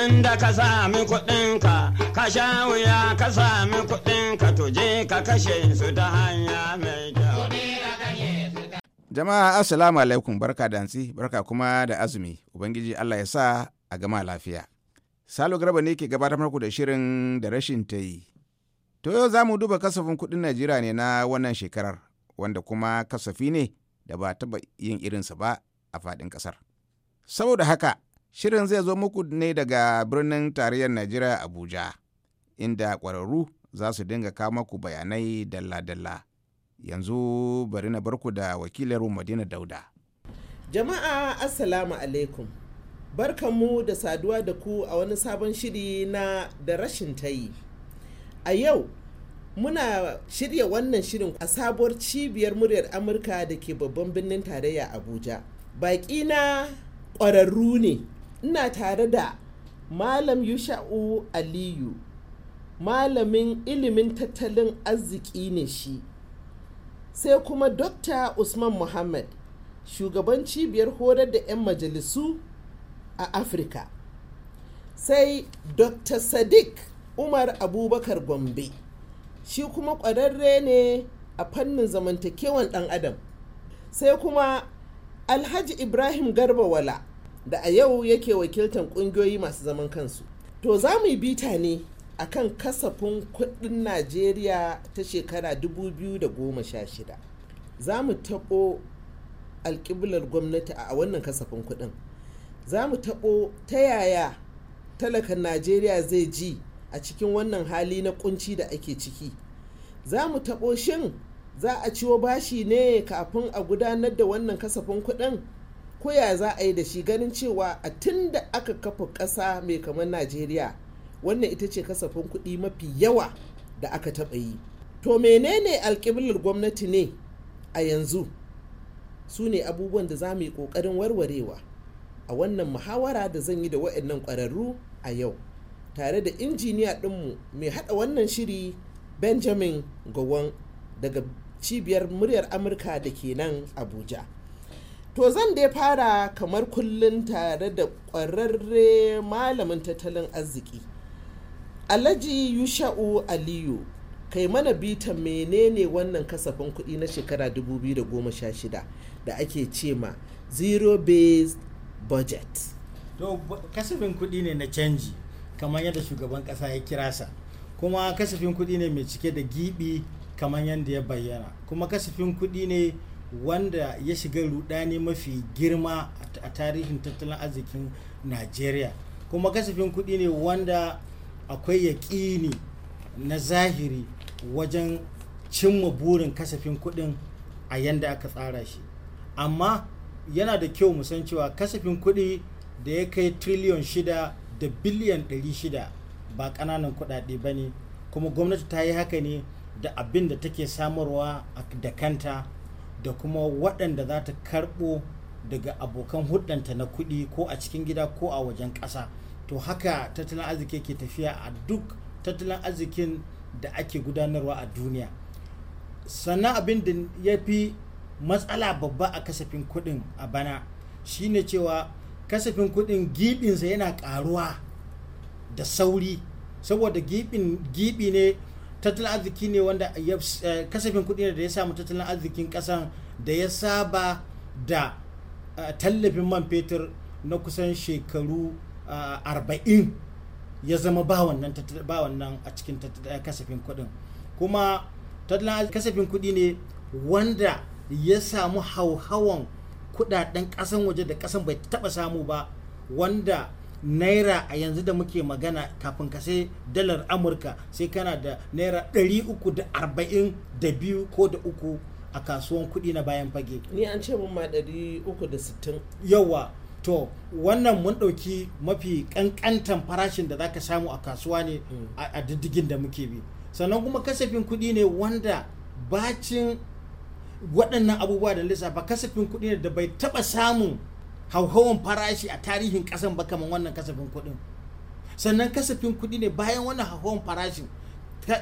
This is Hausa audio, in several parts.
Idan da ka sami kuɗinka, ka sha wuya ka sami kuɗinka tuje ka kashe su ta hanya mai kyau. Jama'a Assalamu alaikum barka da hantsi barka kuma da azumi Ubangiji Allah ya sa a gama lafiya. Salo Garba ne ke gabatar muku da shirin da rashin ta yi. To yau za mu duba kasafin kuɗin Najeriya ne na wannan shekarar wanda kuma kasafi ne da ba taɓa yin irinsa ba a faɗin ƙasar. Saboda haka Shirin zai zo muku ne daga birnin tarayyar Najeriya Abuja, inda ƙwararru za su dinga kawo maku bayanai dalla-dalla. Yanzu bari na barku da wakilar Madina Dauda. Jama'a Assalamu alaikum. Barkanmu da saduwa da ku a wani sabon shiri na da rashin tayi. A yau muna shirya wannan shirin a sabuwar cibiyar muryar amurka da ke babban birnin tarayya abuja baƙi na ƙwararru ne ina tare da malam yusha'u aliyu malamin ilimin tattalin arziki ne shi sai kuma dokta usman muhammad shugaban cibiyar horar da 'yan majalisu a afirka sai dr sadiq umar abubakar gombe shi kuma ƙwararre ne a fannin zamantakewan ɗan adam sai kuma alhaji ibrahim garba wala da a yau yake wakiltar kungiyoyi masu zaman kansu to za mu yi bita ne a kan kasafin kudin najeriya ta shekara 2016 za mu taɓo alƙiblar gwamnati a wannan kasafin kudin za mu taɓo ta yaya talakan najeriya zai ji a cikin wannan hali na kunci da ake ciki za mu taɓo shin za a ciwo bashi ne kafin a gudanar da wannan kasafin kudin Kuya za a yi da shi ganin cewa a tun da aka kafa ƙasa mai kamar najeriya wannan ita ce kasafin kuɗi mafi yawa da aka taɓa yi to menene alƙiblar gwamnati ne a yanzu su ne abubuwan da za mu yi ƙoƙarin warwarewa a wannan muhawara da zan yi da wa'annan ƙwararru a yau tare da injiniya ɗinmu mai haɗa wannan shiri benjamin gowon daga cibiyar muryar amurka da ke nan abuja To zan dai fara kamar kullum tare da ƙwararre malamin tattalin arziki. Alhaji Yusha'u Aliyu kai mana bitan menene wannan kasafin kuɗi na shekara 2016 da ake cema ma zero based budget. To kasafin kuɗi ne na canji kamar yadda shugaban ƙasa ya kira sa kuma kasafin kuɗi ne mai cike da giɓi kamar yadda ya bayyana kuma kasafin kuɗi ne wanda ya shiga rudani mafi girma a tarihin tattalin arzikin najeriya kuma kasafin kuɗi ne wanda akwai yaƙini na zahiri wajen cimma burin kasafin kuɗi a yanda aka tsara shi amma yana da kyau mu san cewa kasafin kuɗi da ya kai triliyon shida da biliyan ɗari shida ba ƙananan kuɗaɗe ba ne kuma gwamnati ta yi haka ne da abin da take samarwa da kanta da kuma waɗanda za ta karɓo daga abokan hudanta na kuɗi ko a cikin gida ko a wajen ƙasa to haka tattalin arziki ke tafiya a duk tattalin arzikin da ake gudanarwa a duniya sannan abin da ya fi matsala babba a kasafin kuɗin a bana shine cewa kasafin kuɗin giɓinsa yana ƙaruwa da sauri saboda giɓi ne tattalin arziki ne wanda eh, kasafin kudi ne da ya samu tattalin arzikin kasan da ya saba da eh, tallafin man fetur na kusan shekaru eh, arba'in ya zama ba wannan a cikin kasafin kudin kuma tattalin kasafin kudi ne wanda ya samu hauhawan kuɗaɗen ƙasan waje da ƙasan bai taɓa samu ba wanda naira a yanzu da muke magana kafin ka sai dalar amurka sai kana da naira 342 ko da uku a kasuwan kuɗi na bayan fage ni an ce mun ma 360 yawa to wannan mun ɗauki mafi ƙanƙantan farashin da zaka samu a kasuwa ne mm. a diddigin da muke bi sannan kuma kasafin kuɗi ne wanda bacin waɗannan abubuwa da lissafa kasafin kuɗi ne da bai taɓa samun hauhawan farashi a tarihin kasan ba kamar wannan kasafin kuɗin sannan kasafin kuɗi ne bayan wannan hauhawan farashin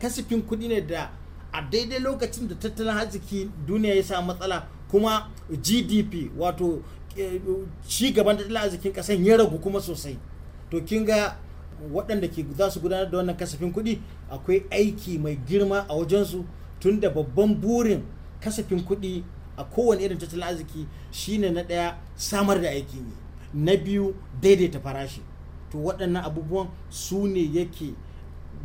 kasafin kuɗi ne da a daidai lokacin da tattalin arziki duniya ya sa matsala kuma gdp wato eh, ci gaban tattalin arzikin kasan ya ragu kuma sosai to kin ga waɗanda ke za su gudanar da wannan kasafin kuɗi akwai aiki mai girma a wajensu tun da babban burin kasafin kuɗi a kowane irin tattalin arziki shine na ɗaya samar da aiki yi na biyu daidaita farashi to waɗannan abubuwan su ne yake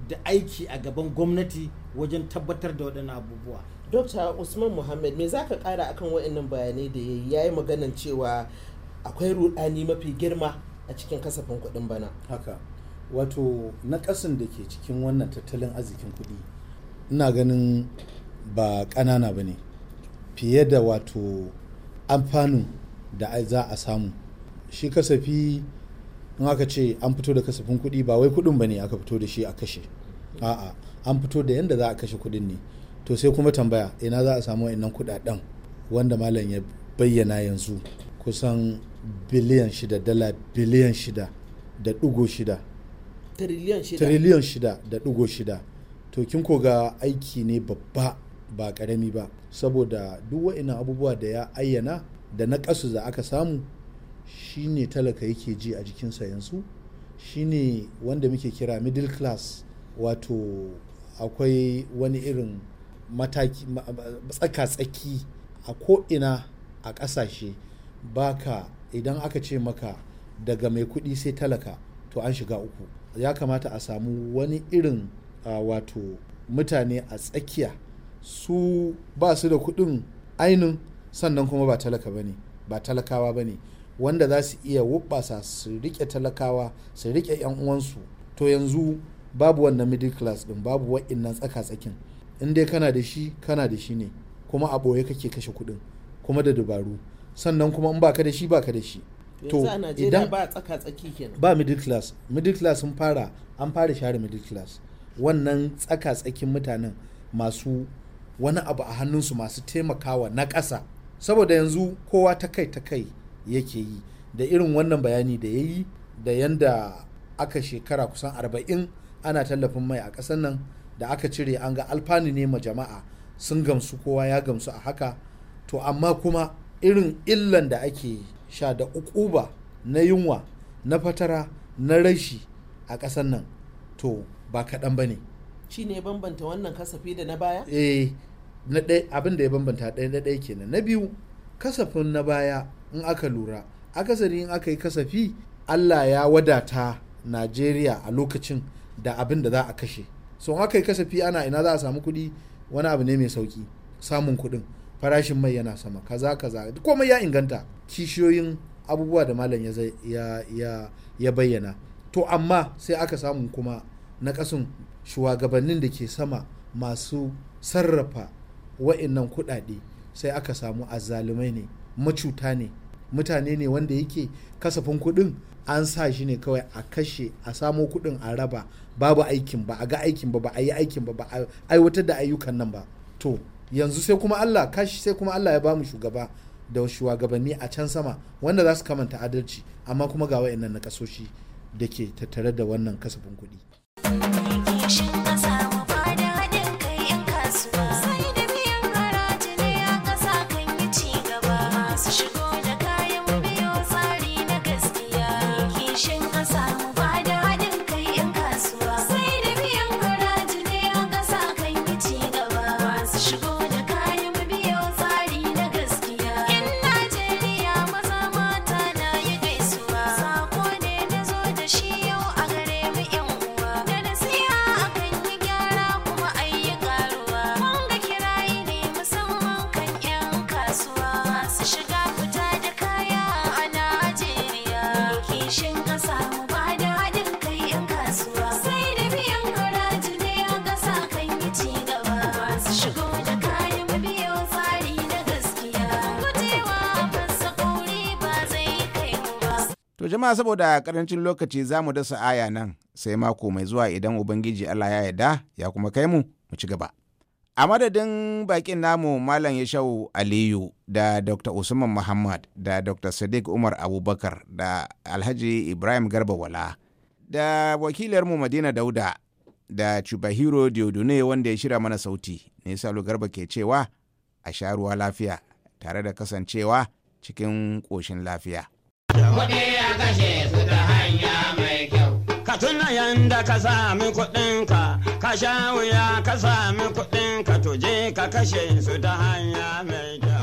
da aiki a gaban gwamnati wajen tabbatar da waɗannan abubuwa dokta usman muhammad me za ka ƙara akan waɗannan bayanai da ya yi maganan cewa akwai ruɗani mafi girma a cikin kasafin kuɗin bana haka wato na ƙasan da ke cikin wannan tattalin arzikin kuɗi ina ganin ba ƙanana ba ne fiye da wato amfanin da za a samu shi kasafi in aka ce an fito da kasafin kuɗi ba wai kuɗin ba ne aka fito da shi a kashe a'a an fito da yadda za a kashe kuɗin ne to sai kuma tambaya ina za a samu wa'annan kuɗaɗen wanda malam ya bayyana yanzu kusan biliyan shida dala biliyan shida da ɗigo shida triliyan shida da ɗigo shida to kin ko ga aiki ne babba ba ƙarami ba saboda duk wa'ina abubuwa da ya ayyana da na kasu da aka samu shine talaka yake ji a jikinsa yanzu shine wanda muke kira middle class wato akwai wani irin mataki tsaka-tsaki a ko'ina a ƙasashe baka idan aka ce maka daga mai kuɗi sai talaka to an shiga uku ya kamata a samu wani irin wato mutane a tsakiya su ba su da kuɗin ainin sannan kuma ba talaka ba ne ba talakawa ba ne wanda za su iya wubasa su rike talakawa su rike yan uwansu to yanzu babu wannan middle class din babu wa'innan tsaka-tsakin in dai kana da shi kana da shi ne kuma a boye kake kashe kuɗin kuma da dabaru sannan kuma in baka da shi baka da shi to idan ba tsaka-tsaki kenan ba middle class middle class sun fara an fara share middle class wannan tsaka-tsakin mutanen masu wani abu a hannunsu masu taimakawa na ƙasa saboda yanzu kowa ta kai ta kai yake yi da irin wannan bayani da ya yi da yanda aka shekara kusan arba'in ana tallafin mai a ƙasar nan da aka cire an ga alfani ne ma jama'a sun gamsu kowa ya gamsu a haka to amma kuma irin illan da ake sha da ukuba na yunwa na fatara na rashi a ƙasar nan to ba kaɗan ba ne shi ne bambanta wannan kasafi da na baya? eh na ɗaya abin da ya bambanta ɗaya na ɗaya kenan na biyu kasafin na baya in aka lura akasari in aka yi kasafi allah ya wadata najeriya a lokacin da abin da za a kashe so in aka yi kasafi ana ina za a samu kuɗi wani abu ne mai sauki samun kuɗin farashin mai yana sama kaza kaza komai ya inganta kishiyoyin abubuwa da malam ya, ya, bayyana to amma sai aka samu kuma na kasun shugabannin da ke sama masu sarrafa wa'innan kuɗaɗe sai aka samu azzalumai ne macuta ne mutane ne wanda yake kasafin kuɗin an sa shi ne kawai a kashe a samo kuɗin a raba babu aikin ba a ga aikin ba ba a yi aikin ba ba a aiwatar da ayyukan nan ba to yanzu sai kuma Allah kashi sai kuma Allah ya bamu shugaba da shugabanni a can sama wanda za su kamanta adalci amma kuma ga wa'annan na kasoshi da ke tattare da wannan kasafin kuɗi. jama'a saboda karancin lokaci za mu dasa aya nan sai mako mai zuwa idan ubangiji allah ya yarda ya kuma kai mu mu ci gaba a madadin bakin namu malam ya yashau aliyu da dr usman muhammad da dr sadiq umar abubakar da alhaji ibrahim garba wala da wakilarmu madina dauda da chubahiro diodune wanda ya shira mana sauti ne salo garba ke cewa a sha ruwa lafiya tare da kasancewa cikin ƙoshin lafiya. da kuɗi a kashe su ta hanya mai kyau. Ka tuna yanda ka sami kuɗinka, ka sha wuya ka sami kuɗinka tuje ka kashe su ta hanya mai kyau.